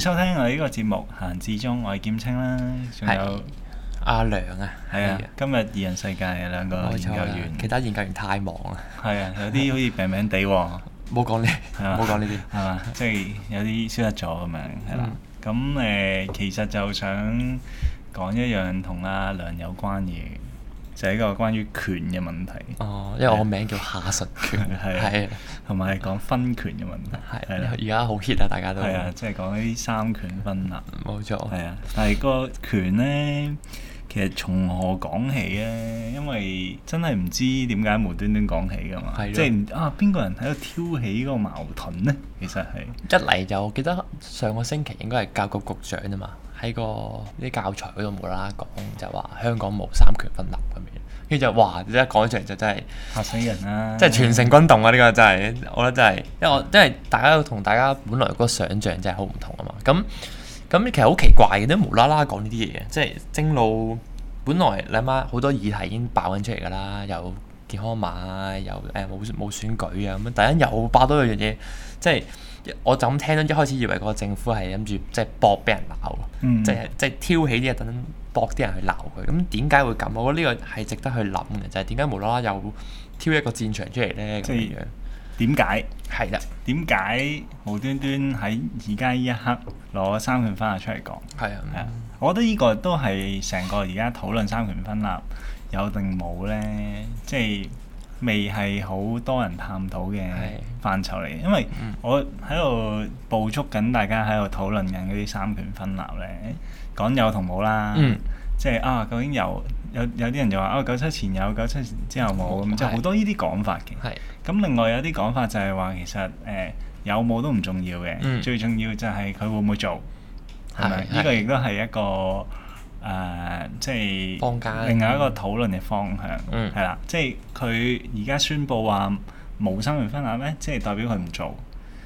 收聽我哋呢個節目，閒至中我係劍青啦，仲有阿、啊、梁啊，係啊，啊今日二人世界有兩個研究員，其他研究員太忙啦，係啊，有啲好似病病地喎、啊，冇講呢，冇講呢啲，係嘛，即係、 就是、有啲消失咗咁樣，係啦。咁誒、 呃，其實就想講一樣同阿、啊、梁有關嘢。就係一個關於權嘅問題。哦，因為我個名叫夏順權，係同埋係講分權嘅問題。係啦的，而家好 hit 啊，大家都係啊，即係講呢啲三權分立。冇錯。係啊，但係個權咧，其實從何講起咧？因為真係唔知點解無端端講起㗎嘛。係的。即係啊！邊個人喺度挑起呢個矛盾咧？其實係。一嚟就記得上個星期應該係教育局局長啊嘛。喺個啲教材嗰度無啦啦講就話香港冇三權分立咁樣，跟住就哇！一講出嚟就真係嚇死人啦，即係全城轟動啊！呢個真係，我覺得真係，因為我因為大家同大家本來個想像真係好唔同啊嘛。咁咁其實好奇怪嘅，都無啦啦講呢啲嘢嘅，即係正路。本來你阿媽好多議題已經爆緊出嚟噶啦，有。健康碼又誒冇冇選舉啊，咁樣突然又爆多一樣嘢，即係我就咁聽到，一開始以為個政府係諗住即係博俾人鬧，即係即係挑起啲嘢等博啲人去鬧佢。咁點解會咁？我覺得呢個係值得去諗嘅，就係點解無啦啦又挑一個戰場出嚟咧？即係點解？係啦，點解的無端端喺而家呢一刻攞三權分立出嚟講？係啊係啊，我覺得呢個都係成個而家討論三權分立。有定冇呢？即係未係好多人探討嘅範疇嚟，因為我喺度捕捉緊大家喺度討論緊嗰啲三權分立呢。講有同冇啦，嗯、即係啊究竟有有有啲人就話啊九七前有，九七之後冇，咁嗯、即係好多呢啲講法嘅。咁是另外有啲講法就係話其實誒、呃、有冇都唔重要嘅，嗯、最重要就係佢會唔會做，係咪是？right? 呢個亦都係一個。誒、呃，即係另外一個討論嘅方向，係啦、嗯，即係佢而家宣布話冇三權分立咧，即係代表佢唔做，咁、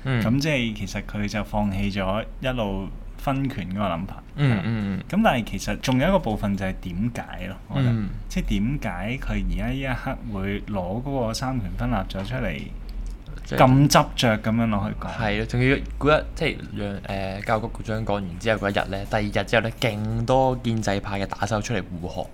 嗯、即係其實佢就放棄咗一路分權嗰個諗法。嗯嗯咁、嗯、但係其實仲有一個部分就係點解咯？我覺得嗯、即係點解佢而家呢一刻會攞嗰個三權分立咗出嚟？咁執着咁樣落去講，係啊！仲要一即係讓、呃、教育局局長講完之後嗰一日咧，第二日之後咧，勁多建制派嘅打手出嚟護航，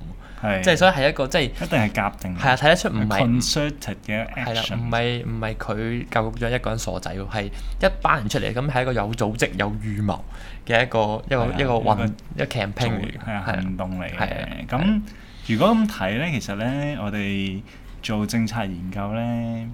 係的即係所以係一個即係一定係夾定，係啊！睇得出唔係 concerted 嘅 action，係啦，唔係唔係佢教育局長一個人傻仔喎，係一班人出嚟咁係一個有組織有預謀嘅一個一個的一個運一個，一個 campaign，係的行動嚟嘅。咁的的如果咁睇咧，其實咧我哋做政策研究咧。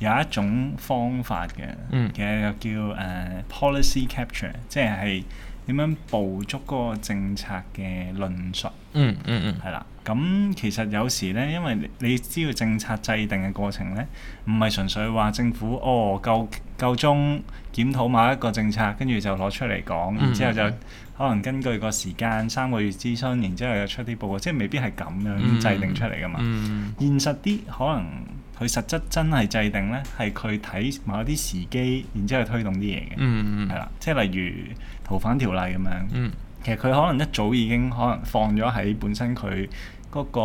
有一種方法嘅，嘅、嗯、叫誒、uh, policy capture，即係點樣捕捉嗰個政策嘅論述。嗯嗯嗯，係、嗯、啦。咁其實有時咧，因為你知道政策制定嘅過程咧，唔係純粹話政府哦夠夠鐘檢討某一個政策，跟住就攞出嚟講，然之後就可能根據個時間三個月諮詢，然之後又出啲報告，即係未必係咁樣制定出嚟噶嘛。嗯嗯、現實啲可能。佢實質真係制定咧，係佢睇某一啲時機，然之後去推動啲嘢嘅，係啦、嗯嗯，即係例如逃犯條例咁樣。嗯、其實佢可能一早已經可能放咗喺本身佢嗰個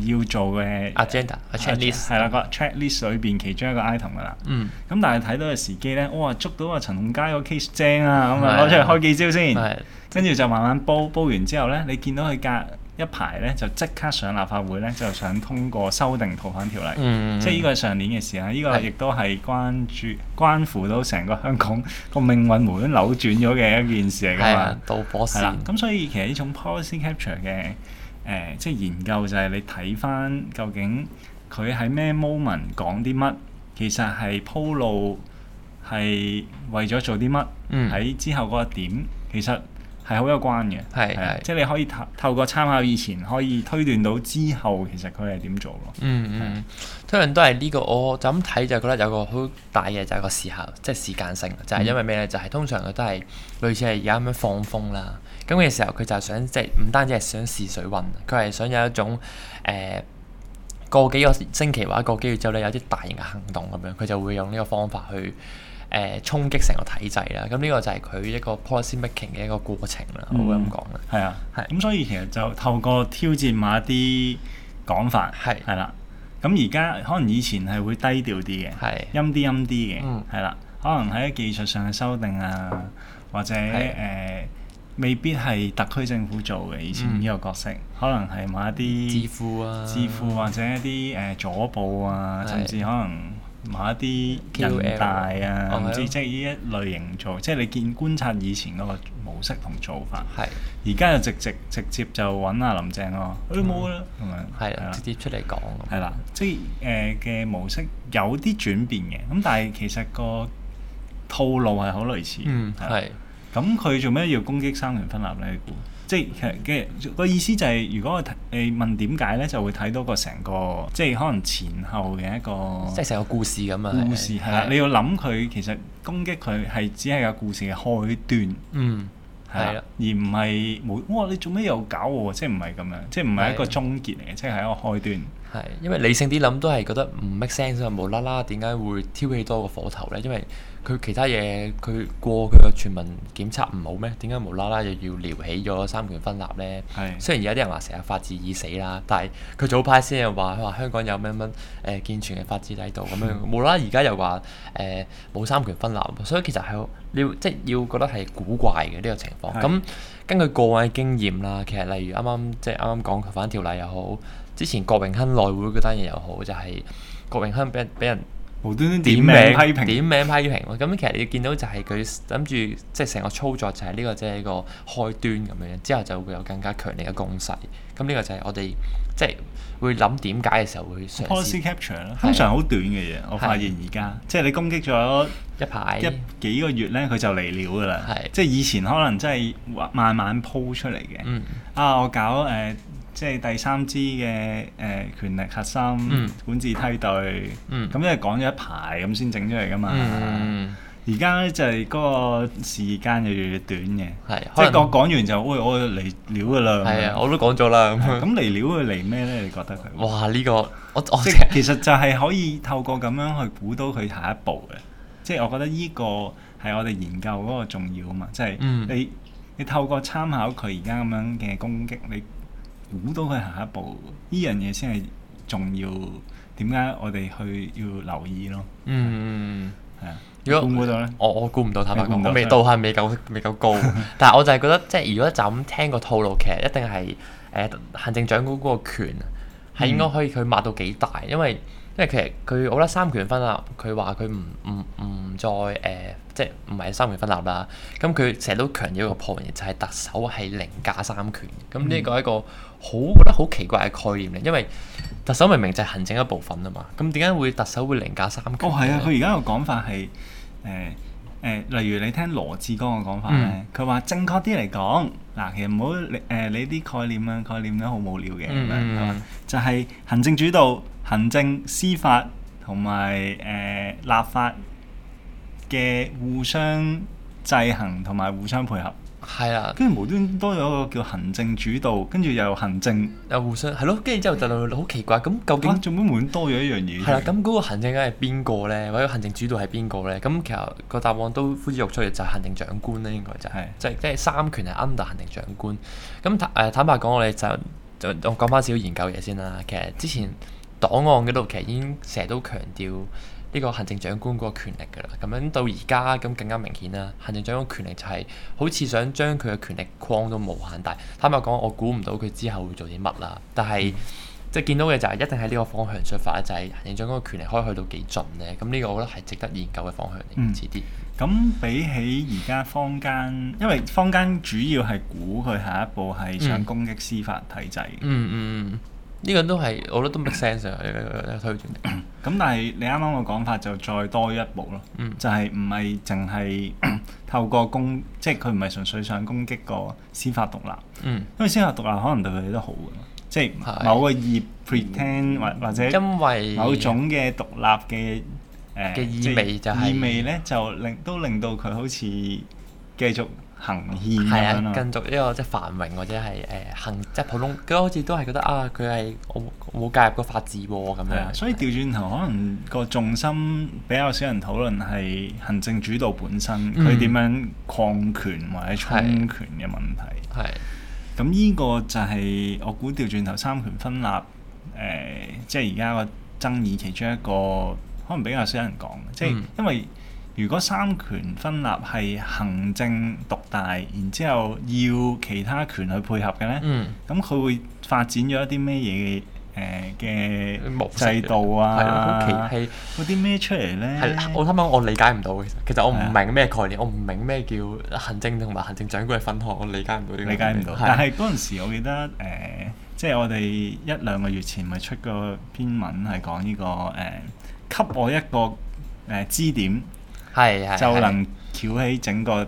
要做嘅阿 agenda check list 係啦，個 check list 裏邊其中一個 item 㗎啦。咁、嗯、但係睇到嘅時機咧，哇！捉到阿陳同佳個 case 正啊，咁啊攞出嚟開幾招先，跟住就慢慢煲煲完之後咧，你見到佢隔一排咧就即刻上立法會咧，就想通過修訂逃犯條例，嗯、即係呢個係上年嘅事啊！呢、呢個亦都係關注是關乎到成個香港個命運無端扭轉咗嘅一件事嚟㗎嘛。導的的火線。咁所以其實呢種 policy capture 嘅誒、呃，即係研究就係你睇翻究竟佢喺咩 moment 講啲乜，其實係鋪路，係為咗做啲乜喺之後嗰個點，其實。係好有關嘅，係係是，是即係你可以透透過參考以前，可以推斷到之後其實佢係點做咯、嗯。嗯嗯，推論是都係呢、這個，我就咁睇就覺得有個好大嘅就係個時候，即、就、係、是、時間性，就係、是、因為咩咧？嗯、就係通常佢都係類似係而家咁樣放風啦。咁嘅時候，佢就係想即係唔單止係想試水溫，佢係想有一種誒、呃、過幾個星期或者過幾個月之後咧，有啲大型嘅行動咁樣，佢就會用呢個方法去。誒、呃、衝擊成個體制啦，咁呢個就係佢一個 policy making 嘅一個過程啦，我會咁講啦。係、嗯、啊，係、嗯、咁所以其實就透過挑戰某一啲講法係係啦，咁而家可能以前係會低調啲嘅，是陰啲陰啲嘅，係啦、嗯，可能喺技術上嘅修訂啊，或者誒是、呃、未必係特區政府做嘅，以前呢個角色、嗯、可能係某一啲智庫啊，智庫或者一啲誒、呃、左部啊，甚至可能。某一啲人大啊，唔、哦、知即係呢一類型做，哦、即係你見觀察以前嗰個模式同做法，而家的就直直直接就揾阿林鄭咯，佢都冇啦，係啦，直接出嚟講，係啦了，即係誒嘅模式有啲轉變嘅，咁但係其實個套路係好類似，係咁佢做咩要攻擊三權分立咧？你估即係其實嘅個意思就係，如果我睇你問點解咧，就會睇到個成個即係可能前後嘅一個，即係成個故事咁啊！故事係啦，你要諗佢其實攻擊佢係只係個故事嘅開端，嗯係啦，而唔係冇哇！你做咩又搞喎、啊？即係唔係咁樣？即係唔係一個終結嚟嘅？即係係一個開端。係因為理性啲諗都係覺得唔 make sense 啊！無啦啦點解會挑起多個火頭咧？因為佢其他嘢佢過佢個全民檢測唔好咩？點解無啦啦又要撩起咗三權分立咧？是的 雖然而家啲人話成日法治已死啦，但係佢早派先又話佢話香港有咩咩誒健全嘅法治喺度咁樣，是的 無啦啦而家又話誒冇三權分立，所以其實係你要即係要覺得係古怪嘅呢、這個情況。咁是的 根據過去經驗啦，其實例如啱啱即係啱啱講佢反條例又好，之前郭榮鏗內會嗰單嘢又好，就係、是、郭榮鏗俾人俾人。無端端點名批評，點名批評，點名批評，咁其實你見到就係佢諗住，即係成個操作就係呢、呢個即係、就係、個開端咁樣，之後就會有更加強力嘅攻勢。咁呢個就係我哋即係會諗點解嘅時候會。Policy capture 咧的，通常好短嘅嘢，我發現而家，的即係你攻擊咗一排一幾個月咧，佢就嚟了㗎啦。係的，的即係以前可能真係慢慢鋪出嚟嘅。嗯，啊，我搞誒。Uh, 即係第三支嘅誒權力核心、嗯、管治梯隊，咁因為講咗一排咁先整出嚟噶嘛。而家咧就係嗰個時間就越嚟越短嘅，即係講講完就喂我嚟料噶啦。係啊，我都講咗啦。咁咁嚟料佢嚟咩咧？你覺得佢哇？呢、呢個我我其實就係可以透過咁樣去估到佢下一步嘅，即係我覺得呢個係我哋研究嗰個重要啊嘛。即、就、係、是、你、嗯嗯、你透過參考佢而家咁樣嘅攻擊，你。估到佢下一步，呢樣嘢先係重要。點解我哋去要留意咯？嗯，係啊。如果估唔到咧，我我估唔到坦白講。味道係未夠色，未夠高。 但係我就係覺得，即係如果就咁聽個套路，其實一定係誒、呃、行政長官嗰個權係應該可以佢抹到幾大，嗯、因為。即係其實佢，我覺得三權分立，佢話佢唔唔唔再誒、呃，即係唔係三權分立啦。咁佢成日都強調一個破門，就係特首係凌駕三權。咁呢個係一個好覺得好奇怪嘅概念嚟，因為特首明明就係行政一部分啊嘛。咁點解會特首會凌駕三權？哦，係啊，佢而家個講法係誒誒，例如你聽羅志剛嘅講法咧，佢話、嗯、正確啲嚟講，嗱，其實唔好誒你啲概念啊，概念都好無聊嘅、嗯、就係行政主導。行政、司法同埋誒立法嘅互相制衡同埋互相配合，係啊的，跟住無端多咗個叫行政主導，跟住又行政又互相係咯，跟住之後就就好奇怪咁，究竟做乜無端多咗一樣嘢？係啦，咁嗰個行政梗係邊個咧？或者行政主導係邊個咧？咁其實個答案都呼之欲出嘅，就係、是、行政長官咧，應該就係即係即係三權係 under 行政長官。咁誒、呃、坦白講，我哋就就我講翻少少研究嘢先啦。其實之前檔案嗰度其實已經成日都強調呢個行政長官嗰個權力㗎啦，咁樣到而家咁更加明顯啦。行政長官權力就係好似想將佢嘅權力框到無限大。坦白講，我估唔到佢之後會做啲乜啦。但係、嗯、即係見到嘅就係一定喺呢個方向出發啦，就係行政長官嘅權力可以去到幾盡呢？咁呢個我覺得係值得研究嘅方向嚟、嗯點嗯。嗯。遲啲。咁比起而家坊間，因為坊間主要係估佢下一步係想攻擊司法體制。嗯嗯。呢個都係我覺得都 make sense 啊。有有有推薦。咁但係你啱啱個講法就再多一步咯。嗯。就係唔係淨係透過攻，即係佢唔係純粹想攻擊個司法獨立。嗯。因為司法獨立可能對佢哋都好㗎嘛。即係某個業 pretend，或或者。因為。某種嘅獨立嘅。嘅意味就係。意味咧就令都令到佢好似繼續。行憲，係啊，跟續呢個即係繁榮或者係誒、呃、行，即係普通，佢好似都係覺得啊，佢係冇冇介入過法治喎、啊、咁樣。對就是、所以調轉頭可能個重心比較少人討論係行政主導本身佢點、嗯、樣擴權或者闖權嘅問題。係，咁呢個就係我估調轉頭三權分立誒、呃，即係而家個爭議其中一個可能比較少人講即係因為。如果三權分立係行政獨大，然之後要其他權去配合嘅呢，咁佢、嗯嗯、會發展咗一啲咩嘢嘅制度啊？係嗰啲咩出嚟呢？我啱啱我理解唔到，其實我唔明咩概念，的我唔明咩叫行政同埋行政長官嘅分開，我理解唔到理解唔到。的但係嗰陣時，我記得誒、呃，即係我哋一兩個月前咪出個篇文係講呢個誒，給、呃、我一個誒支、呃呃、點。係，是是是就能翹起整個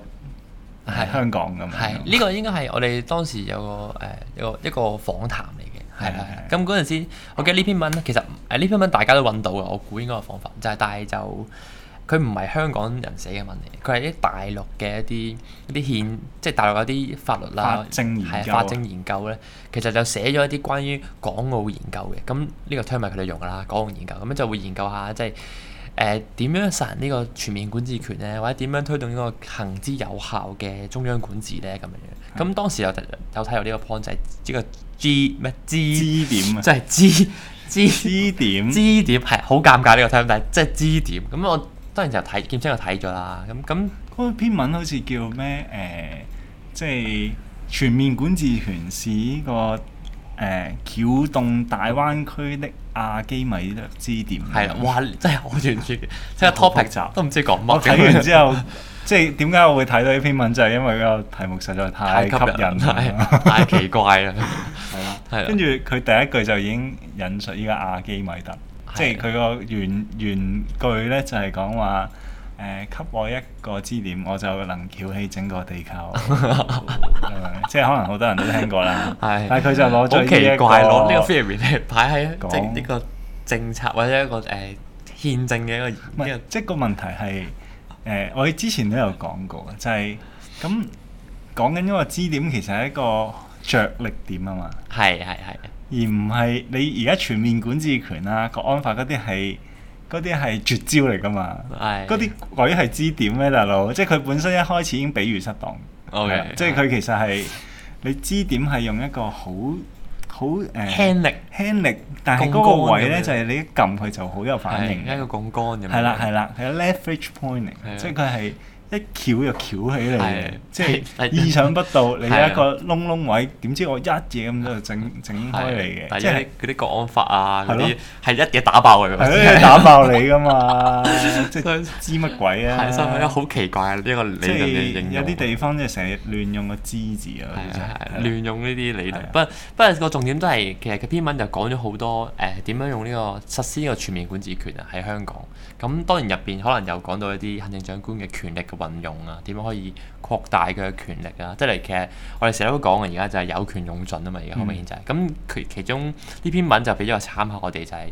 係香港咁。係呢個應該係我哋當時有個誒、呃、一個一個訪談嚟嘅。係啦是是，咁嗰陣時，我記得呢篇文其實誒呢、呃、篇文大家都揾到嘅，我估應該係訪法，就係、是、但係就佢唔係香港人寫嘅文嚟，佢係啲大陸嘅一啲一啲憲，即係大陸有啲法律啦，法政研究啊是，法政研究咧，其實就寫咗一啲關於港澳研究嘅。咁呢個 term 佢哋用噶啦，港澳研究咁樣就會研究下即係。就是誒點、呃、樣實現呢個全面管治權咧？或者點樣推動呢個行之有效嘅中央管治咧？咁樣樣咁、嗯、當時有有睇到呢個 point 就係呢個 G 咩？G 點啊，即係 GG 點。G 點係好尷尬呢個 topic，但係即係 G 點。咁我當然就睇見清就睇咗啦。咁咁嗰篇文好似叫咩？誒、呃，即、就、係、是、全面管治權是呢個。誒，撬動大灣區的阿基米德之點係啦， 哇，真係好有趣，即係 topic 集 對都唔知講乜。睇 完之後，即係點解我會睇到呢篇文，就係因為個題目實在太吸引哈哈，太 奇怪啦。係 啦 的，係跟住佢第一句就已經引述呢個阿基米德，即係佢個原 原，原句咧，就係講話。誒，給、呃、我一個支點，我就能翹起整個地球， 係咪？即係可能好多人都聽過啦。 是但係佢就攞咗呢怪攞呢、這個 feel 入咧，擺喺即係呢個政策、這個、講或者一個誒、呃、憲政嘅一個。唔係，不即係個問題係、呃、我喺之前都有講過就係、是、咁、嗯、講緊呢個支點其實係一個着力點啊嘛。係係係。而唔係你而家全面管治權啦、啊、國安法嗰啲係。嗰啲係絕招嚟㗎嘛？嗰啲鬼係支點咩，大佬？即係佢本身一開始已經比喻失當。O.K.，yeah，即係佢其實係你支點係用一個好好誒輕力輕力，但係嗰個位咧就係你一撳佢就好有反應，一個槓桿咁。係啦係啦，係個 leverage point 嚟，即係佢係。一撬又撬起嚟嘅，即係意想不到。你喺一個窿窿位，點知我一嘢咁就整整開嚟嘅。即係嗰啲國安法啊，嗰啲係一嘢打爆佢，打爆你㗎嘛？即係知乜鬼啊？好奇怪啊。呢個理論認，有啲地方即係成日亂用個知字啊，亂用呢啲理論。不過不過，個重點都係其實佢篇文就講咗好多誒，點樣用呢個實施個全面管治權啊喺香港。咁當然入邊可能又講到一啲行政長官嘅權力嘅運用啊，點樣可以擴大佢嘅權力啊？即係其實我哋成日都講嘅，而家就係有權用盡啊嘛，而家好明顯就係、是、咁。其、嗯、其中呢篇文就俾咗個參考，我哋就係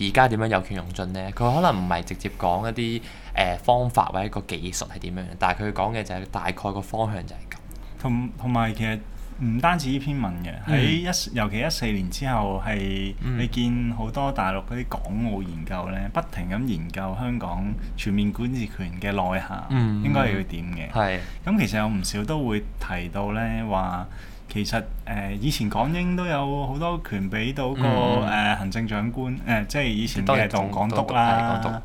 而家點樣有權用盡呢？佢可能唔係直接講一啲誒、呃、方法或者個技術係點樣，但係佢講嘅就係大概個方向就係咁。同同埋其實。唔單止依篇文嘅，喺一尤其一四年之後，係你見好多大陸嗰啲港澳研究呢，不停咁研究香港全面管治權嘅內涵，嗯、應該要點嘅。係是。咁其實有唔少都會提到呢，話其實誒、呃、以前港英都有好多權俾到個誒、嗯呃、行政長官，誒、呃、即係以前都係當港督啦。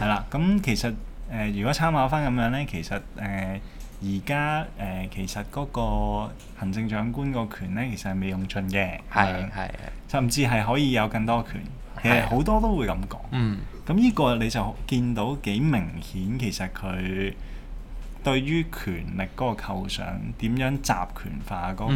係啦，咁、嗯、其實誒、呃、如果參考翻咁樣呢，其實誒。呃而家誒，其實嗰個行政長官個權咧，其實係未用盡嘅，係、係，嗯、甚至係可以有更多權。係。其實好多都會咁講。嗯。咁呢個你就見到幾明顯，其實佢對於權力嗰個構想，點樣集權化嗰、個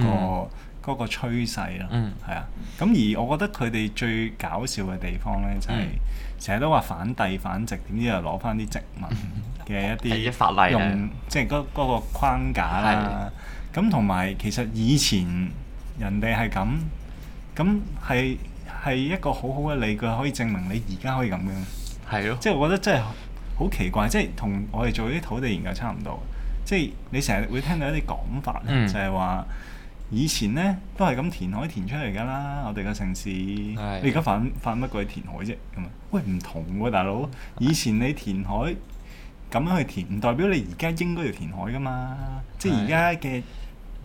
嗰、嗯、個趨勢啦。嗯。係啊。咁而我覺得佢哋最搞笑嘅地方咧，就係、係嗯。成日都話反帝、反殖，點知又攞翻啲殖民嘅一啲 法例用，即係嗰個框架啦、啊。咁同埋其實以前人哋係咁，咁係係一個好好嘅理據，可以證明你而家可以咁樣。係咯的，即係我覺得真係好奇怪，即係同我哋做啲土地研究差唔多。即、就、係、是、你成日會聽到一啲講法，嗯、就係話。以前呢都係咁填海填出嚟噶啦，我哋個城市。的你而家反反乜鬼填海啫？咁啊，喂，唔同喎，大佬。以前你填海咁的樣去填，唔代表你而家應該要填海噶嘛。的即係而家嘅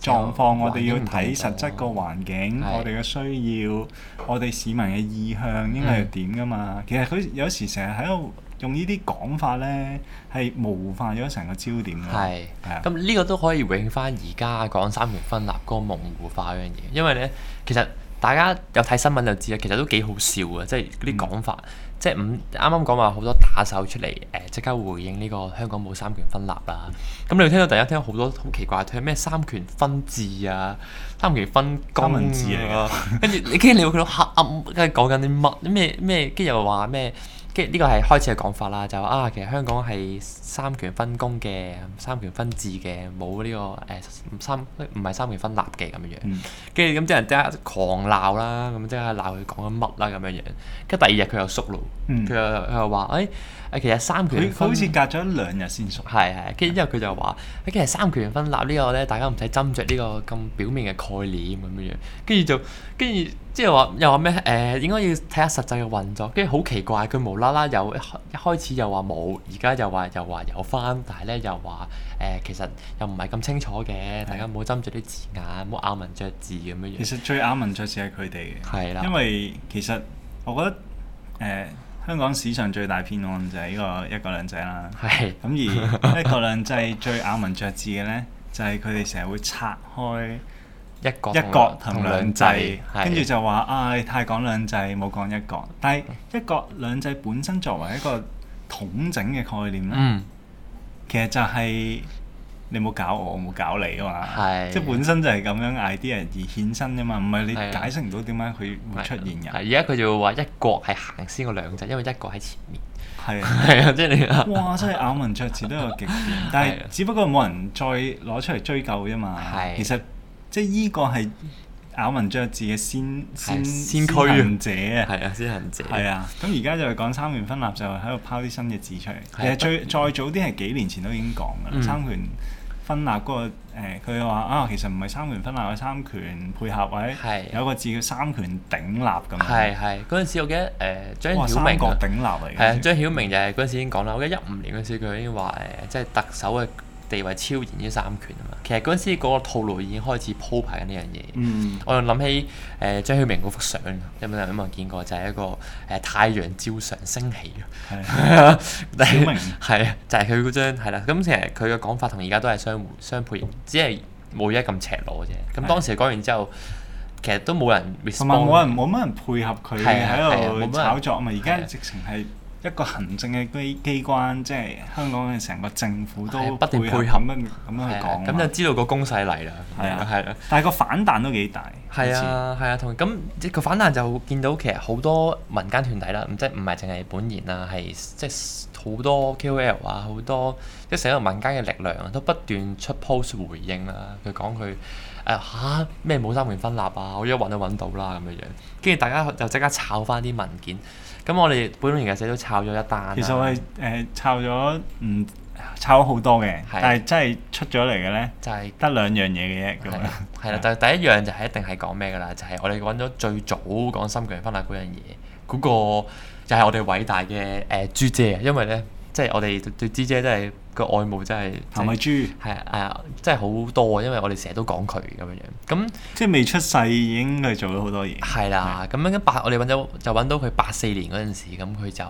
狀況，我哋要睇實質個環境，的我哋嘅需要，我哋市民嘅意向應該係點噶嘛？的其實佢有時成日喺度，用呢啲講法咧，係模糊化咗成個焦點咯。係，咁呢個都可以回應翻而家講三權分立嗰個模糊化嗰樣嘢，因為咧，其實大家有睇新聞就知啦，其實都幾好笑嘅，即係啲講法，即係五啱啱講話好多打手出嚟，誒即刻回應呢個香港冇三權分立啦。咁你會聽到大家聽到好多好奇怪，聽咩三權分治啊，三權分工文字嚟，跟住你驚你會覺得黑暗，跟住講緊啲乜咩咩，跟住又話咩？跟住呢個係開始嘅講法啦，就話啊，其實香港係三權分公嘅，三權分治嘅，冇呢、這個誒、呃、三唔係三權分立嘅咁樣樣。跟住咁啲人即刻狂鬧啦，咁即刻鬧佢講緊乜啦咁樣樣。跟住第二日佢又縮路，佢、嗯、又佢又話誒。哎誒，其實三權佢佢好似隔咗兩日先熟，係係，跟住之後佢就話，誒其實三權分立個呢個咧，大家唔使斟酌呢個咁表面嘅概念咁樣樣，跟住就跟住即係話又話咩？誒、呃、應該要睇下實際嘅運作，跟住好奇怪，佢無啦啦又一一開始又話冇，而家又話又話有翻，但係咧又話誒、呃、其實又唔係咁清楚嘅，的大家唔好斟酌啲字眼，唔好咬文嚼字咁樣樣。其實最咬文嚼字係佢哋嘅，係啦，因為其實我覺得誒。呃香港史上最大騙案就係呢個一國兩制啦。係是。咁而一國兩制最咬文嚼字嘅呢，就係佢哋成日會拆開一國同兩制，跟住就話啊、哎，太講兩制，冇講一國。但係一國兩制本身作為一個統整嘅概念咧，嗯、其實就係、是。你冇搞我，我冇搞你啊嘛！即本身就係咁樣 idea 而衍生啫嘛，唔係你解釋唔到點解佢會出現噶。而家佢就會話一國係行先過兩隻，因為一國喺前面。係啊！係啊！即係你。哇！真係咬文嚼字都有極限，但係只不過冇人再攞出嚟追究啫嘛。係。其實即係呢個係咬文嚼字嘅先先先驅者啊！係啊！先行者。係啊！咁而家就係講三權分立，就喺度拋啲新嘅字出嚟。其實最再早啲係幾年前都已經講噶啦，三權分立嗰、那個誒，佢、呃、話啊，其實唔係三權分立，係三權配合位，是啊、有個字叫三權鼎立咁、啊。係係、啊，嗰陣時我記得誒、呃、張曉明講鼎立啊，係啊，張曉明就係嗰陣時已經講啦。我記得一五年嗰時佢已經話誒、呃，即係特首嘅。地位超然於三權啊嘛，其實嗰陣時嗰個套路已經開始鋪排緊呢樣嘢。嗯，我又諗起誒、呃、張曉明嗰幅相，有冇有冇人見過？就係、是、一個誒、呃、太陽照常升起。係啊，係啊，就係佢嗰張係啦。咁其實佢嘅講法同而家都係相互相配，只係冇而家咁赤裸啫。咁、嗯、當時講完之後，其實都冇人冇人冇乜人配合佢喺度炒作嘛。而家直情係。一個行政嘅機機關，即係香港嘅成個政府都不斷配合咁樣，樣，樣去講。咁就知道個攻勢嚟啦，係啊，係啊，但係個反彈都幾大。係啊的，係啊次，同咁佢反彈就見到其實好多民間團體啦，咁即係唔係淨係本研啊，係即係好多 KOL 啊，好多即係成個民間嘅力量啊，都不斷出 post 回應啦、啊。佢講佢誒嚇咩冇三權分立啊，我找一揾都揾到啦、啊、咁樣樣。跟住大家就即刻炒翻啲文件。咁我哋本年度社都抄咗一單。其實我係誒抄咗，嗯抄咗好多嘅，的但係真係出咗嚟嘅咧，就係、是、得兩樣嘢嘅啫。咁啦，係啦，就係第一樣就係一定係講咩㗎啦，就係、是、我哋揾咗最早講三權分立嗰樣嘢，嗰、那個就係我哋偉大嘅誒豬姐啊，因為咧。即係我哋對芝姐真係個愛慕真係、就是，陳慧珠係啊，即係好多啊，因為我哋成日都講佢咁樣樣。咁即係未出世已經係做咗好多嘢。係啦的，咁樣跟八，我哋揾到就揾到佢八四年嗰陣時，咁佢就誒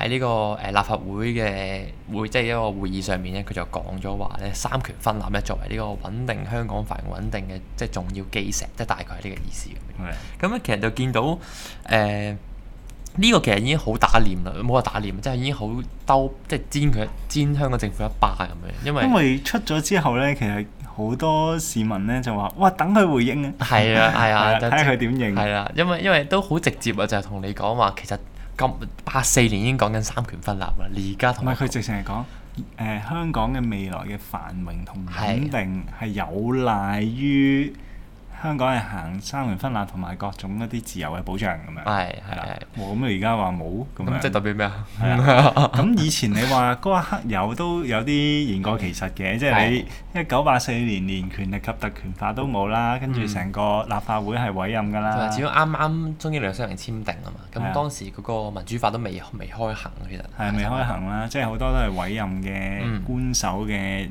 喺呢個誒、呃、立法會嘅會，即、就、係、是、一個會議上面咧，佢就講咗話咧，三權分立咧，作為呢個穩定香港繁榮穩定嘅即係重要基石，即係大概係呢個意思。係啊的。咁其實就見到誒。呃呢個其實已經好打臉啦，冇話打臉，即係已經好兜，即係煎佢煎香港政府一巴咁樣，因為因為出咗之後呢，其實好多市民呢就話：哇，等佢回應啊！係啊係啊，睇佢點應啊！係啊，因為因為都好直接啊，就係、是、同你講話，其實今八四年已經講緊三權分立啦，而家同埋佢直情係講誒香港嘅未來嘅繁榮同穩定係、啊、有賴於。香港係行三權分立同埋各種一啲自由嘅保障咁樣，係係啦，咁你而家話冇咁即係代表咩啊？咁以前你話嗰一刻有都有啲言過其實嘅，即係你一九八四年權力及特權法都冇啦，跟住成個立法會係委任㗎啦，係啊，要啱啱中英兩商人簽訂啊嘛，咁當時嗰個民主法都未未開行其實係未開行啦，即係好多都係委任嘅官守嘅誒。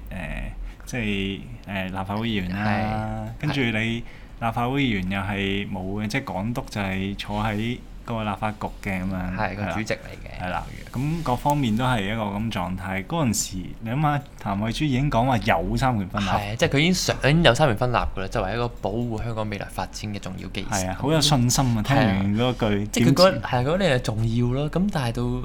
即係誒立法會議員啦，跟住你立法會議員又係冇嘅，即係港督就係坐喺個立法局嘅咁樣，個主席嚟嘅。係啦，咁各方面都係一個咁狀態。嗰陣時你諗下，譚慧珠已經講話有三權分立，即係佢已經想有三權分立㗎喇，作為一個保護香港未來發展嘅重要基石。係啊，好有信心啊！聽完嗰句，即係佢覺得係嗰啲係重要咯。咁但係到誒。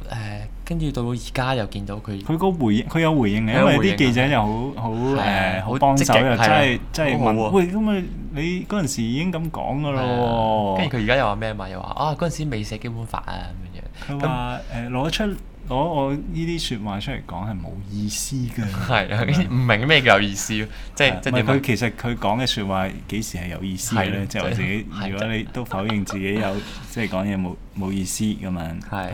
跟住到而家又見到佢，佢個回應，佢有回應嘅。因為啲記者又好好誒，好幫手又真係真係問，喂，咁你嗰陣時已經咁講噶咯，跟住佢而家又話咩嘛？又話啊嗰陣時未寫基本法啊咁樣，佢話誒攞出攞我呢啲説話出嚟講係冇意思噶，係唔明咩叫有意思，即係佢其實佢講嘅説話幾時係有意思咧？即係我自己，如果你都否認自己有即係講嘢冇冇意思咁樣，係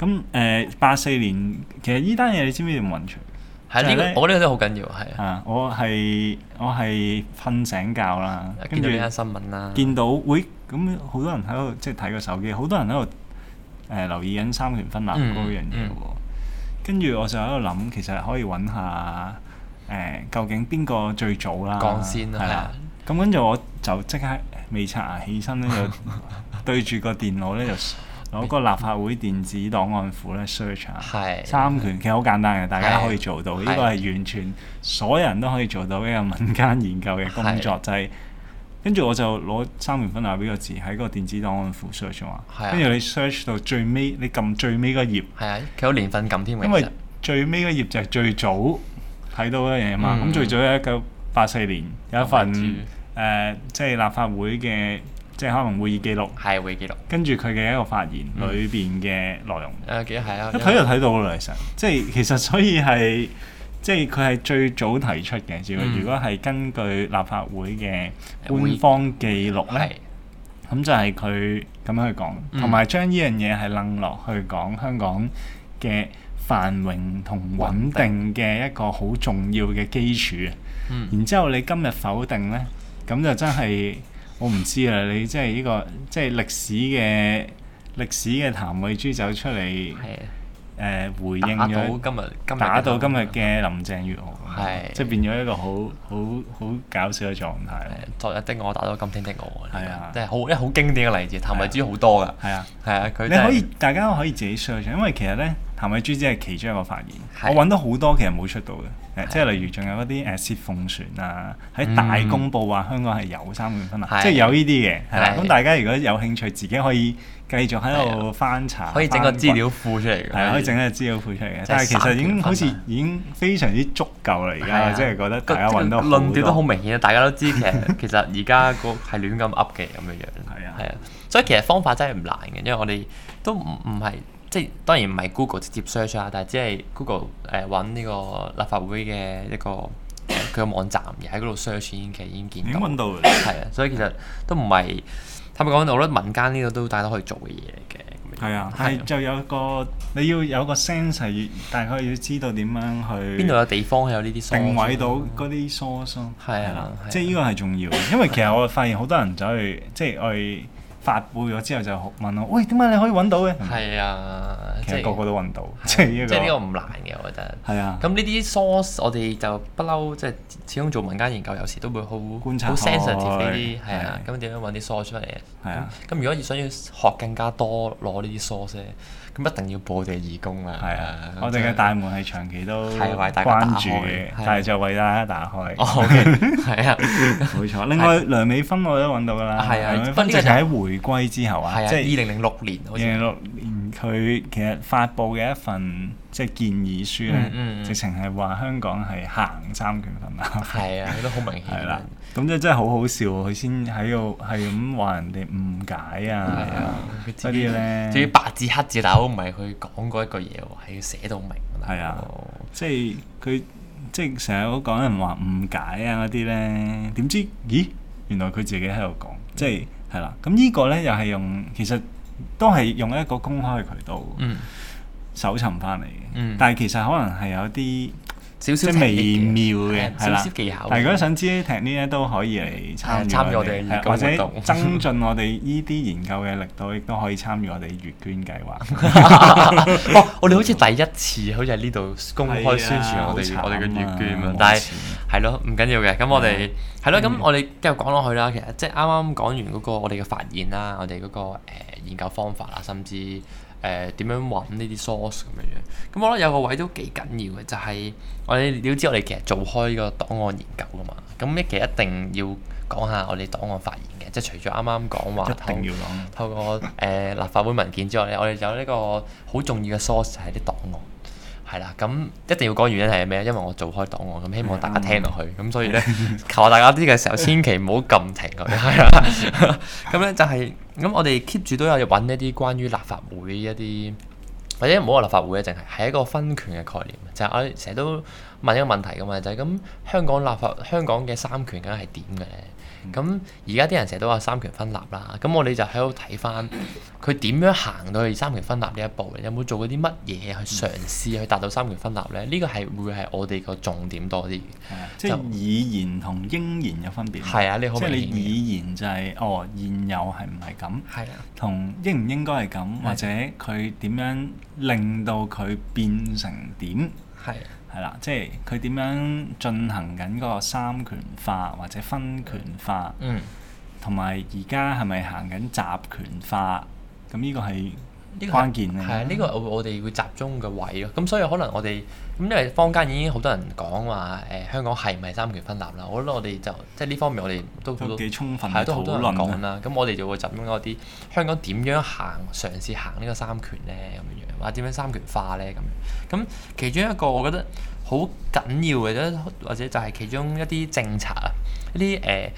咁誒八四年，其實依單嘢你知唔知點聞出？係啦，我覺得呢個都好緊要，係啊。我係我係瞓醒覺啦，跟住見到新聞啦，見到會咁好多人喺度即係睇個手機，好多人喺度誒留意緊三權分立嗰樣嘢喎。跟住、嗯嗯、我就喺度諗，其實可以揾下誒、呃、究竟邊個最早啦？講先啦，係啊。咁跟住我就即刻未刷牙起身咧，就對住個電腦咧就。 攞個立法會電子檔案庫咧 search 啊，是三權其實好簡單嘅，是大家可以做到。呢是個係完全所有人都可以做到嘅民間研究嘅工作，是就係跟住我就攞三權分立呢個字喺個電子檔案庫 search 嘛，跟住、啊、你 search 到最尾，你撳最尾個頁。啊，佢有年份撳添。因為最尾個頁就係最早睇到一樣嘢嘛。咁、嗯、最早係一九八四年有一份誒、呃，即係立法會嘅。即係可能會議記錄，係會議記錄，跟住佢嘅一個發言裏邊嘅內容。誒幾係啊，一睇就睇到啦，其實為即係其實所以係 即係佢係最早提出嘅。只果、嗯、如果係根據立法會嘅官方記錄咧，咁議就係佢咁樣、嗯、去講，同埋將呢樣嘢係掟落去講香港嘅繁榮同穩定嘅一個好重要嘅基礎。嗯嗯、然之後你今日否定咧，咁就真係。我唔知啊！你即係呢個，即係歷史嘅歷史嘅譚慧珠走出嚟，誒回應咗今日打到今日嘅林鄭月娥，即係變咗一個好好好搞笑嘅狀態。昨日的我打到今天的我，係啊，即係好一好經典嘅例子。譚慧珠好多㗎，係啊，係啊，你可以大家可以自己 search，因為其實呢，譚慧珠只係其中一個發言，我揾到好多其實冇出到嘅。即係例如，仲有嗰啲誒蝕奉船啊，喺大公報話，香港係有三權分啊，即係有呢啲嘅。係啦，咁大家如果有興趣，自己可以繼續喺度翻查，可以整個資料庫出嚟嘅，係啊，可以整一個資料庫出嚟嘅。但係其實已經好似已經非常之足夠喇，而家即係覺得大家揾到論調都好明顯啦，大家都知其實其實而家個係亂咁噏嘅咁樣樣。係啊，係啊，所以其實方法真係唔難嘅，因為我哋都唔唔係。即係當然唔係 Google 直接 search 啦，但係只係 Google 誒、呃、揾呢個立法會嘅一個佢嘅網站，而喺嗰度 search 已經見到。已經揾到啦。係啊，所以其實都唔係坦白講我覺得民間呢度都大家可以做嘅嘢嚟嘅。係啊，係就有一個你要有一個 sense 係，大概要知道點樣去。邊度有地方有呢啲定位到嗰啲 source？係啊，的即係呢個係重要，因為其實我發現好多人走、就、去、是、 即係去。發佈咗之後就問我，喂，點解你可以揾到嘅？係啊，即係個個都揾到，即係呢個唔難嘅，我覺得。係啊。咁呢啲 source 我哋就不嬲，即係始終做民間研究，有時都會好觀察、好 sensitive 呢啲，係啊。咁點樣揾啲 source 出嚟？係啊。咁如果要想要學更加多攞呢啲 source 咧？咁一定要播謝義工啦，係啊！啊我哋嘅大門係長期都係為大家關注嘅，但係就為大家打開。OK，係啊，冇錯。另外梁美芬我都揾到㗎啦，啊、梁美芬就係喺回歸之後啊，即係二零零六年好似。佢其實發布嘅一份即係建議書咧，直情係話香港係行三權分立，係啊，都好明顯啦。咁即真係好好笑佢先喺度係咁話人哋誤解啊，嗰啲咧，至於白字黑字，但係都唔係佢講過一個嘢喎，係要寫到明。係啊，即係佢即係成日都講人話誤解啊嗰啲咧，點知咦？原來佢自己喺度講，即係係啦。咁呢個咧又係用其實。都係用一個公開嘅渠道、嗯、搜尋翻嚟嘅，嗯、但係其實可能係有啲。少少微妙嘅，少少技巧。如果想知踢呢，都可以嚟參與嘅，或者增進我哋依啲研究嘅力度，亦都 可以參與我哋月捐計劃。 哦，我哋好似第一次好似喺呢度公開宣傳我哋、哎、呀我哋嘅月捐啊！但是錢係係咯，唔緊要嘅。咁、嗯、我哋係咯，咁我哋繼續講落去啦。其實即係啱啱講完嗰個我哋嘅發現啦，我哋嗰個研究方法啊，甚至。誒點、呃、樣揾呢啲 source 咁樣樣？咁我覺得有個位都幾緊要嘅，就係、是、我哋你都知我哋其實做開呢個檔案研究噶嘛。咁一其實一定要講下我哋檔案發現嘅。即係除咗啱啱講話，一定要講透過誒、呃、立法會文件之外咧，我哋有呢個好重要嘅 source 就係啲檔案，係啦，咁一定要講原因係咩？因為我做開檔案，咁希望大家聽落去，咁、嗯嗯、所以咧 求下大家啲嘅時候，千祈唔好撳停咁，係啦。咁咧 就係、是、咁，我哋 keep 住都有揾一啲關於立法會一啲，或者唔好話立法會啊，淨係係一個分權嘅概念。就係、是、我哋成日都問一個問題噶嘛，就係、是、咁香港立法香港嘅三權梗係點嘅咧？咁而家啲人成日都話三權分立啦，咁我哋就喺度睇翻佢點樣行到去三權分立呢一步，有冇做過啲乜嘢去嘗試去達到三權分立咧？呢、這個係會係我哋個重點多啲嘅，嗯、就即係已然同應然有分別。係啊，你好，你已然就係、是、哦，現有係唔係咁？係啊，同應唔應該係咁，或者佢點樣令到佢變成點？係、啊。係啦，即係佢點樣進行緊嗰個三權化或者分權化，同埋而家係咪行緊集權化？咁呢個係關鍵咧。係啊，呢、呢個我哋會集中嘅位咯。咁所以可能我哋咁因為坊間已經好多人講話，誒香港係唔係三權分立啦？我覺得我哋就即係呢方面我哋都幾充分，係都好多人講啦。咁、嗯、我哋就會集中嗰啲香港點樣行嘗試行呢個三權咧咁樣。或者點樣三權化咧，咁，咁其中一個我覺得好緊要嘅咧，或者就係其中一啲政策啊，一啲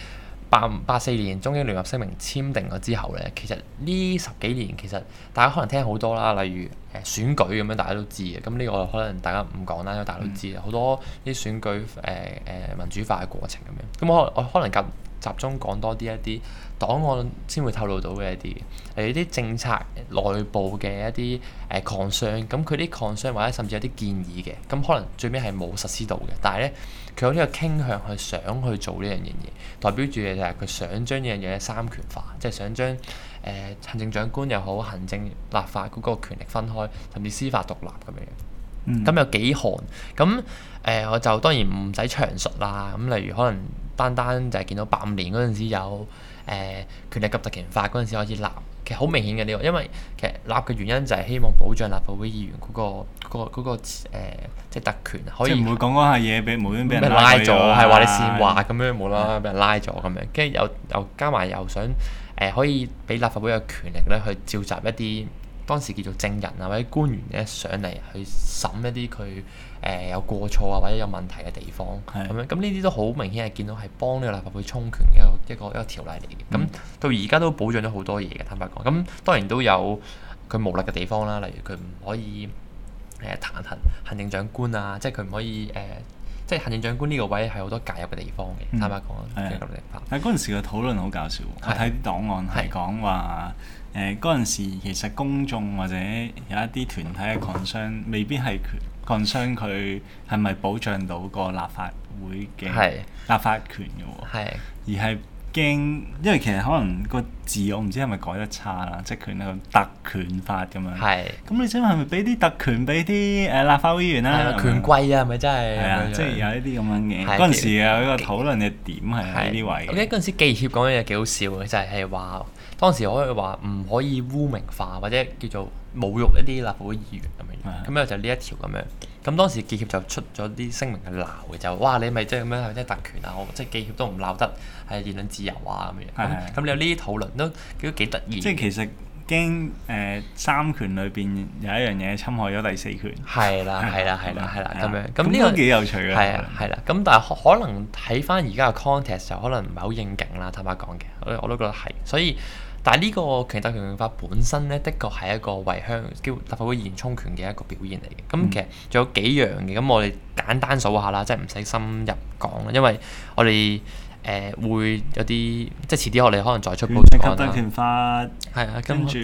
八八四年中英聯合聲明簽訂咗之後咧，其實呢十幾年其實大家可能聽好多啦，例如誒、呃、選舉咁樣大家都知嘅，咁呢個可能大家唔講啦，因為大家都知好、嗯、多啲選舉誒誒、呃呃、民主化嘅過程咁樣，咁我可能我可能集中講多啲一啲檔案先會透露到嘅一啲，誒啲政策內部嘅一啲誒 concern，咁佢啲 concern 或者甚至有啲建議嘅，咁可能最尾係冇實施到嘅，但係咧佢有呢個傾向去想去做呢樣嘢嘅，代表住嘅就係佢想將呢樣嘢三權化，即係想將誒、呃、行政長官又好，行政立法嗰個權力分開，甚至司法獨立咁樣嘅。咁、嗯、有幾項，咁誒、呃、我就當然唔使詳述啦，咁例如可能。單單就係見到八五年嗰陣時有誒權力及特權法嗰陣時開始立，其實好明顯嘅呢個，因為其實立嘅原因就係希望保障立法會議員嗰個嗰個嗰個即係特權，可以唔會講嗰下嘢俾無端端俾人拉咗，係話你煽話咁樣無啦啦俾人拉咗咁樣，跟住又又加埋又想誒可以俾立法會嘅權力咧去召集一啲。當時叫做證人啊，或者官員咧上嚟去審一啲佢誒有過錯啊，或者有問題嘅地方咁的樣。咁呢啲都好明顯係見到係幫呢個立法會充權嘅一個一個一個條例嚟嘅。咁到而家都保障咗好多嘢嘅，坦白講。咁當然都有佢無力嘅地方啦，例如佢唔可以誒彈劾行政長官啊，即係佢唔可以誒，即係行政長官呢個位係好多介入嘅地方嘅，嗯、坦白講。係的。係。但係嗰陣時嘅討論好搞笑，我睇檔案係講話。誒嗰、呃、時，其實公眾或者有一啲團體嘅 concern，未必係 concern 佢係咪保障到個立法會嘅立法權嘅喎、哦？的而係驚，因為其實可能個字我唔知係咪改得差啦，職權呢個特權法咁樣。係的。咁你想係咪俾啲特權俾啲誒立法會議員啊？的的權貴啊，係咪真係？係啊的，即係有呢啲咁樣嘅。嗰陣的時啊，有一個討論嘅點係喺呢位。我記得嗰陣時記協講嘢幾好笑嘅，就係話。當時可以話唔可以污名化或者叫做侮辱一啲立法會議員咁樣，樣，咁咧是的 就呢一條咁樣。咁當時記協就出咗啲聲明去鬧嘅，就話哇你咪即係咁樣係即係特權啊！我即係記協都唔鬧得係言論自由啊咁是的 樣。咁是的 你有呢啲討論都都幾得意。即係其實驚誒、呃、三權裏邊有一樣嘢侵害咗第四權。係啦係啦係啦係啦咁樣。咁呢個幾有趣嘅。係啊係啦。咁、嗯、但係可能睇翻而家嘅 context，就可能唔係好應景啦。坦白講嘅，我我都覺得係。所以。但係呢個特權法本身咧，的確係一個為香港立法會延充權嘅一個表現嚟嘅。咁其實仲有幾樣嘅，咁我哋簡單數下啦，即係唔使深入講啦，因為我哋。誒、呃、會有啲即係遲啲我哋可能再出報告啊嘛，係啊，跟住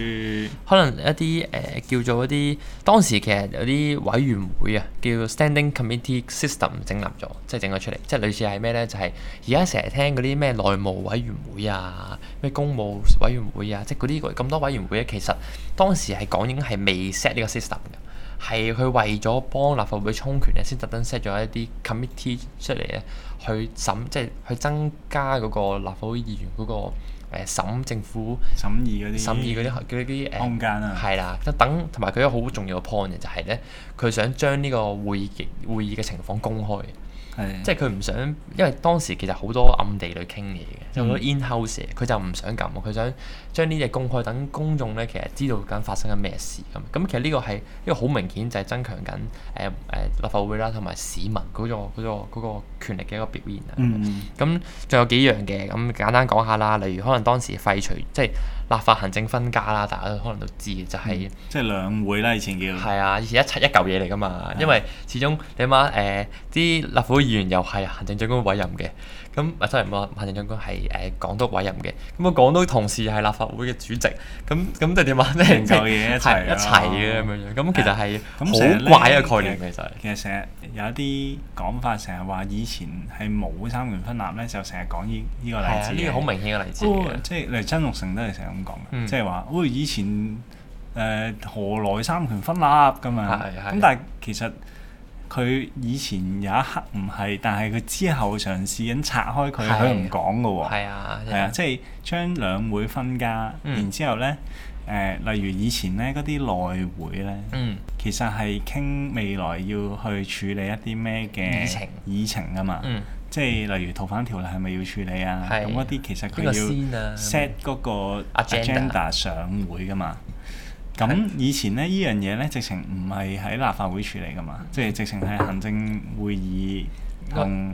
可能一啲誒、呃、叫做一啲當時其實有啲委員會啊，叫 standing committee system 整立咗，即係整咗出嚟，即係類似係咩咧？就係而家成日聽嗰啲咩內務委員會啊，咩公務委員會啊，即係嗰啲咁多委員會咧、啊，其實當時係港英係未 set 呢個 system 嘅，係佢為咗幫立法會充權咧，先特登 set 咗一啲 committee 出嚟咧。去審即係去增加嗰個立法會議員嗰個誒、呃、審政府審議嗰啲審議嗰啲叫啲誒空間啊，係啦，等同埋佢一個好重要嘅 point 嘅就係咧，佢想將呢個會議會議嘅情況公開，是的 即係佢唔想，因為當時其實好多暗地裏傾嘢嘅。有好多煙睏蛇，佢就唔想咁，佢想將呢啲公開，等公眾咧其實知道緊發生緊咩事咁。咁其實呢個係呢、這個好明顯就係增強緊誒誒立法會啦，同埋市民嗰、那個嗰、那個嗰、那個權力嘅一個表現啊。咁仲、嗯嗯、有幾樣嘅，咁簡單講下啦。例如可能當時廢除即係立法行政分家啦，大家都可能都知嘅，就係、是嗯、即係兩會啦。以前叫係啊，以前一齊一嚿嘢嚟㗎嘛，哎、呀 因為始終你睇下啲立法會議員又係行政長官委，委任嘅。咁，唔係真係嘛？行、啊、政長官係誒港督委任嘅，咁個港督同時係立法會嘅主席，咁咁即係點啊？即係即係一齊嘅咁樣樣。咁其實係好怪嘅概念。嗯嗯嗯、其實成日有一啲講法，成日話以前係冇三權分立咧，就成日講呢依個例子。呢個好明顯嘅例子即係例如曾鈺成都係成日咁講嘅，即係話：，喂，以前誒、呃、何來三權分立咁啊？咁、嗯嗯、但係、嗯、其實。佢以前有一刻唔係，但係佢之後嘗試緊拆開佢，佢唔講嘅喎。係啊，係啊，即係將兩會分家，嗯，然之後咧，誒，例如以前咧嗰啲內會咧，嗯，其實係傾未來要去處理一啲咩嘅議程，議程，議程嘅嘛，嗯，即係例如逃犯條例係咪要處理啊？咁嗰啲其實佢要 set 嗰個 agenda 上會嘅嘛。咁以前咧，呢樣嘢咧，直情唔係喺立法會處理噶嘛，即係直情係行政會議同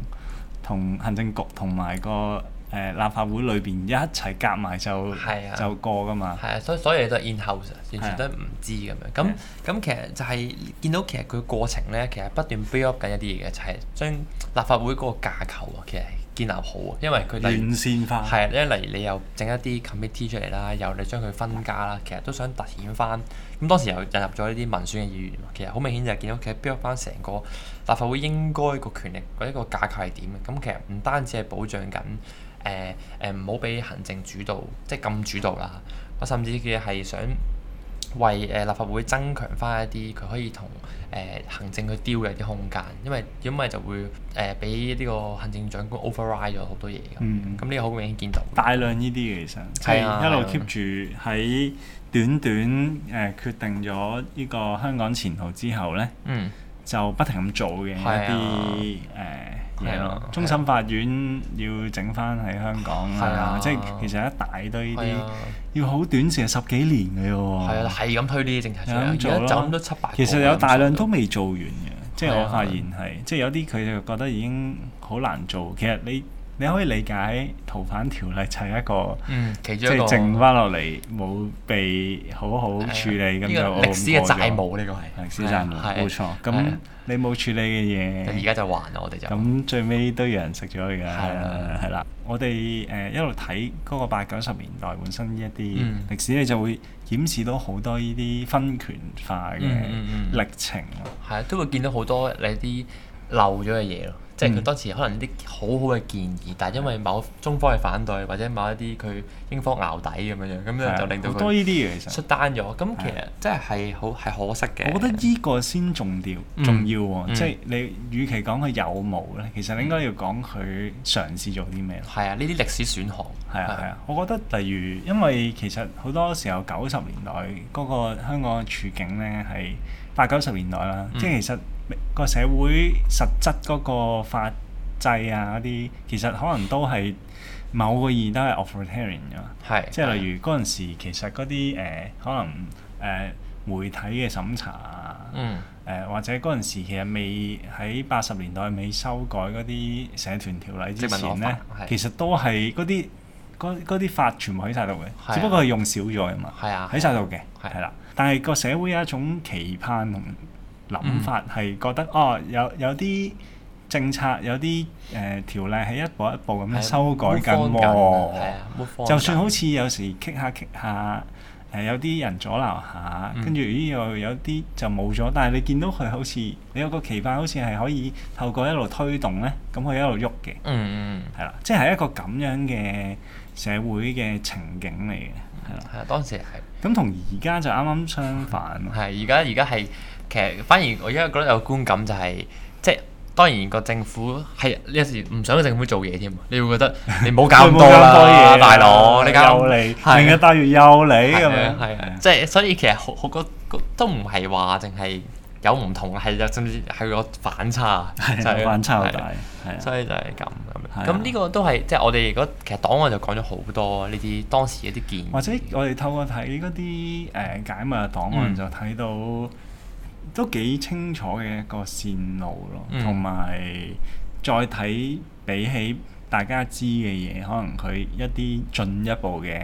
同那行政局同埋、那個誒、呃、立法會裏邊一齊夾埋就的就過噶嘛。係啊，所以所以你都係 in-house，完全都係唔知咁樣。咁咁其實就係、是、見到其實佢過程咧，其實不斷 build up 緊一啲嘢嘅，就係、是、將立法會嗰個架構啊，其實。建立好啊，因為佢哋完善化係咧，例如你又整一啲 committee 出嚟啦，又你將佢分家啦，其實都想凸顯翻。咁當時又引入咗呢啲民選嘅議員，其實好明顯就係見到其實標翻成個立法會應該個權力或者、這個架構係點嘅。咁其實唔單止係保障緊誒誒，唔好俾行政主導，即係咁主導啦。我甚至佢係想。為誒、呃、立法會增強翻一啲，佢可以同誒、呃、行政去 deal 嘅一啲空間，因為如果唔係就會誒俾呢個行政長官 override 咗好多嘢咁。咁呢個好明顯見到。大量呢啲嘅，其實係一路 keep 住喺短短誒、呃、決定咗呢個香港前途之後咧。嗯。就不停咁做嘅一啲誒嘢咯，終審法院要整返喺香港係啦，啊、即係其實一大堆呢啲，啊、要好短時間十幾年嘅喎。係啊，係咁推呢啲政策出嚟。走七百。八其實有大量都未做完嘅，啊、即係我發現係，啊、即係有啲佢哋覺得已經好難做，其實你。你可以理解逃犯條例就係一個，即係剩翻落嚟冇被好好處理咁就歷史嘅債務，呢個係歷史債務冇錯。咁你冇處理嘅嘢，而家就還啊！我哋就咁最尾都有人食咗佢㗎，係啦，係啦。我哋誒一路睇嗰個八九十年代本身呢一啲歷史，你就會顯示到好多呢啲分權化嘅歷程咯。係啊，都會見到好多你啲漏咗嘅嘢咯。即係佢當時可能啲好好嘅建議，但係因為某中方嘅反對，或者某一啲佢英方淆底咁樣樣，咁咧就令到多呢啲嘢出單咗。咁其實即係係好係可惜嘅。我覺得呢個先重要重要喎，即係你與其講佢有冇咧，其實你應該要講佢嘗試做啲咩。係啊，呢啲歷史選項，係啊係啊，我覺得例如因為其實好多時候九十年代嗰個香港嘅處境咧，係八九十年代啦，即係其實。個社會實質嗰個法制啊嗰啲，其實可能都係某個意義都係 authoritarian 㗎，即係是例如嗰陣、嗯、時其實嗰啲誒可能誒媒、呃、體嘅審查啊，嗯誒、呃、或者嗰陣時其實未喺八十年代未修改嗰啲社團條例之前咧，其實都係嗰啲啲法全部喺晒度嘅，啊、只不過係用少咗啊嘛，係啊喺晒度嘅係係啦，但係個社會有一種期盼同。諗法係覺得、嗯、哦，有有啲政策有啲誒、呃、條例係一步一步咁樣修改緊喎。啊，啊就算好似有時 k 下 k 下誒，有啲人阻撓下，跟住依又有啲就冇咗。但係你見到佢好似你有個期盼，好似係可以透過一路推動咧，咁佢一路喐嘅。嗯嗯、啊，係啦，即係一個咁樣嘅社會嘅情景嚟嘅，係啦。係啊，當時係咁，同而家就啱啱相反。係而家而家係。其實反而我而家覺得有觀感就係，即係當然個政府係有時唔想個政府做嘢添，你會覺得你唔好搞咁多啦，大佬，你搞咁多嘢，壓力大越又嚟，係咪？即係所以其實好好都唔係話淨係有唔同，係甚至係個反差，就係反差好大，所以就係咁咁。咁呢個都係即係我哋如果其實檔案就講咗好多呢啲當時一啲建議，或者我哋透過睇嗰啲誒解密嘅檔案就睇到。都幾清楚嘅一個線路咯，同埋、嗯、再睇比起。大家知嘅嘢，可能佢一啲進一步嘅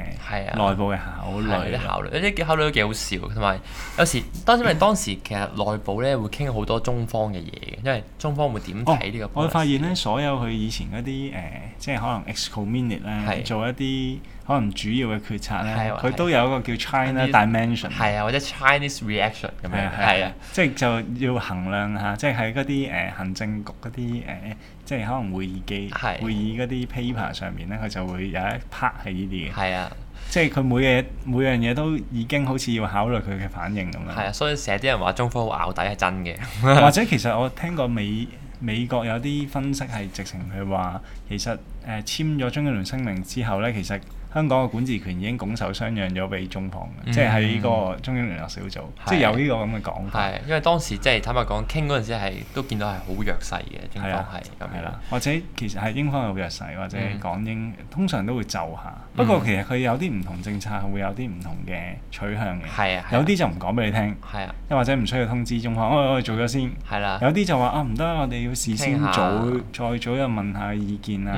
內部嘅考慮，啊、啊、考慮，考慮，一啲考慮都幾好笑。同埋有，有時當因為當時其實內部咧會傾好多中方嘅嘢嘅，因為中方會點睇呢個。我會發現咧，所有佢以前嗰啲誒，即係可能 excommunicate 咧，係啊，啊、做一啲可能主要嘅決策咧，佢都有一個叫 China dimension，係啊，啊，或者 Chinese reaction 咁樣，係啊，即係就要衡量下，即係喺嗰啲誒行政局嗰啲誒。呃即係可能會議記，的會議嗰啲 paper 上面咧，佢就會有一 part 係呢啲嘅。係啊的，即係佢每嘢每樣嘢都已經好似要考慮佢嘅反應咁樣。係啊，所以成日啲人話中方好咬底係真嘅。 或者其實我聽過美美國有啲分析係直情佢話，其實誒簽咗中英聯聲明之後咧，其實。呃香港嘅管治權已經拱手相讓咗俾中方，即係喺呢個中英聯絡小組，即係有呢個咁嘅講法。因為當時即係坦白講，傾嗰陣時係都見到係好弱勢嘅英方，係咁或者其實係英方係弱勢，或者港英通常都會就下。不過其實佢有啲唔同政策，會有啲唔同嘅取向嘅。有啲就唔講俾你聽。係或者唔需要通知中方，我我做咗先。係啦。有啲就話啊唔得，我哋要事先早再早又問下意見啊，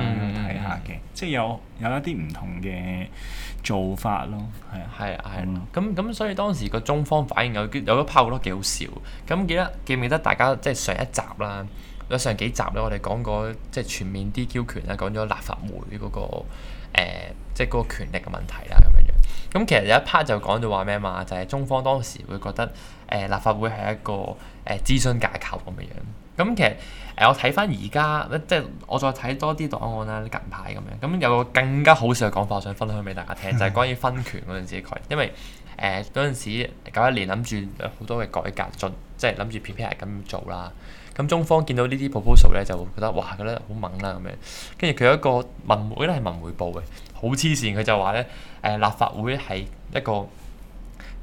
睇下嘅。即係有有一啲唔同嘅嘅做法咯，係啊，係啊的，係咯、嗯，咁咁所以當時個中方反應有有一 part 都幾好笑。咁記得記唔記得大家即係上一集啦，有上幾集咧，我哋講過即係全面 DQ 權啦，講咗立法會嗰、那個、呃、即係嗰個權力嘅問題啦，咁樣樣。咁其實有一 part 就講到話咩嘛，就係、是、中方當時會覺得誒、呃、立法會係一個誒、呃、諮詢架構咁樣樣。咁其實。誒、呃，我睇翻而家即係我再睇多啲檔案啦。近排咁樣咁有個更加好笑嘅講法，我想分享俾大家聽，就係、是、關於分權嗰陣時佢，因為誒嗰陣時九一年諗住好多嘅改革進，即係諗住 prepare 咁做啦。咁中方見到呢啲 proposal 咧，就會覺得哇，覺得好猛啦、啊、咁樣。跟住佢有一個文會咧，係文匯報嘅，好黐線。佢就話咧誒，立法會係一個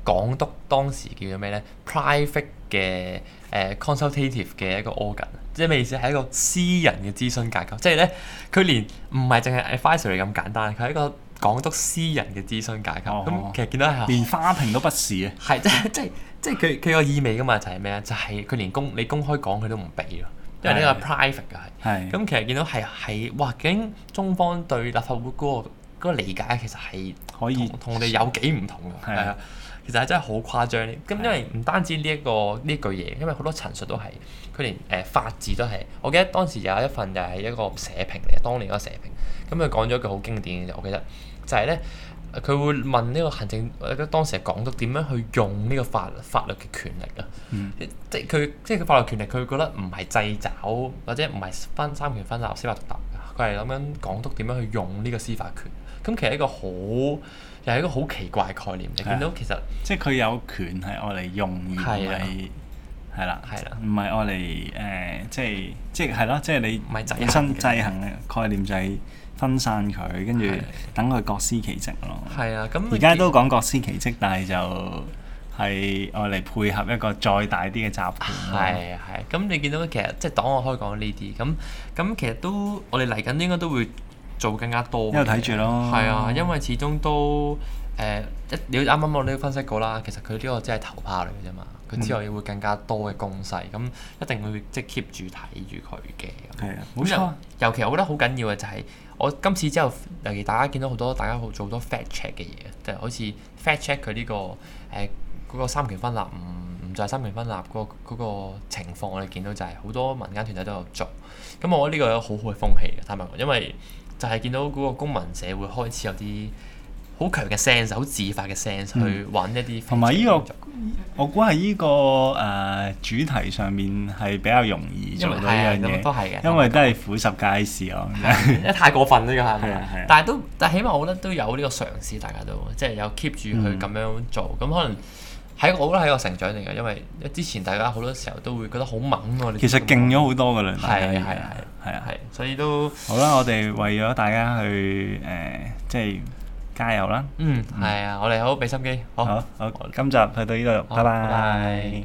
港督當時叫做咩咧 private 嘅誒、呃、consultative 嘅一個 organ。即係咩意思？係一個私人嘅諮詢架構，即係咧，佢連唔係淨係 advisory 咁簡單，佢係一個港督私人嘅諮詢架構。咁、哦嗯、其實見到係連花瓶都不是啊。係、嗯、即係即係即係佢佢個意味㗎嘛？就係咩咧？就係佢連公你公開講佢都唔俾咯，因為呢個 private 㗎係。係的。咁的、嗯、其實見到係係哇，究竟中方對立法會嗰、那個理解其實係同同我哋有幾唔同㗎。係啊。就係真係好誇張，咁因為唔單止呢、這個、一個呢句嘢，因為好多陳述都係佢連誒、呃、法治都係。我記得當時有一份就係一個社評嚟，當年個社評，咁佢講咗一句好經典嘅嘢，我記得就係、是、呢。佢會問呢個行政，當時係港督點樣去用呢個法法律嘅權力啊、嗯？即係佢即係佢法律權力，佢覺得唔係掣肘，或者唔係分三權分立司法獨立，佢係諗緊港督點樣去用呢個司法權？咁其實一個好。又係一個好奇怪概念，你見到其實、嗯、即係佢有權係愛嚟用，而唔係係啦，唔係愛嚟誒，即係即係係咯，即係你引申制衡嘅概念就係分散佢，跟住等佢各司其職咯。係啊，咁而家都講各司其職，但係就係愛嚟配合一個再大啲嘅集團。係係，咁、嗯嗯嗯嗯、你見到其實即係黨我開講呢啲，咁咁其實都我哋嚟緊應該都會，做更加多，因為睇住咯，係啊，因為始終都誒一、呃，你啱啱我都分析過啦。其實佢呢個只係頭炮嚟嘅啫嘛，佢之後會更加多嘅攻勢，咁，嗯嗯，一定會即係 keep 住睇住佢嘅。係啊，冇錯啊。尤其我覺得好緊要嘅就係我今次之後，尤其大家見到好多，大家好做好多 fact check 嘅嘢，即係好似 fact check 佢呢個誒嗰個三權分立，唔唔就三權分立嗰個情況，我哋見到就係好多民間團體都有做。咁我覺得呢個有好好嘅風氣嘅，坦白講，因為。就係見到嗰個公民社會開始有啲好強嘅 sense，好自發嘅 sense 去揾一啲、嗯。同埋呢個，我估係呢個誒、呃、主題上面係比較容易做到一樣嘢。因為，都因為都係腐十界事因為、嗯、太過分呢、呢個係。但係都但係起碼我覺得都有呢個嘗試，大家都即係有 keep 住去咁樣做，咁、嗯、可能。係，我覺得係一個成長嚟㗎，因為之前大家好多時候都會覺得好猛喎。你其實勁咗好多㗎，兩位係係係係啊係、啊啊啊啊。所以都好啦，我哋為咗大家去誒、呃，即係加油啦！嗯，係、嗯、啊，我哋好好俾心機。好，好，我今集去到呢度，拜拜。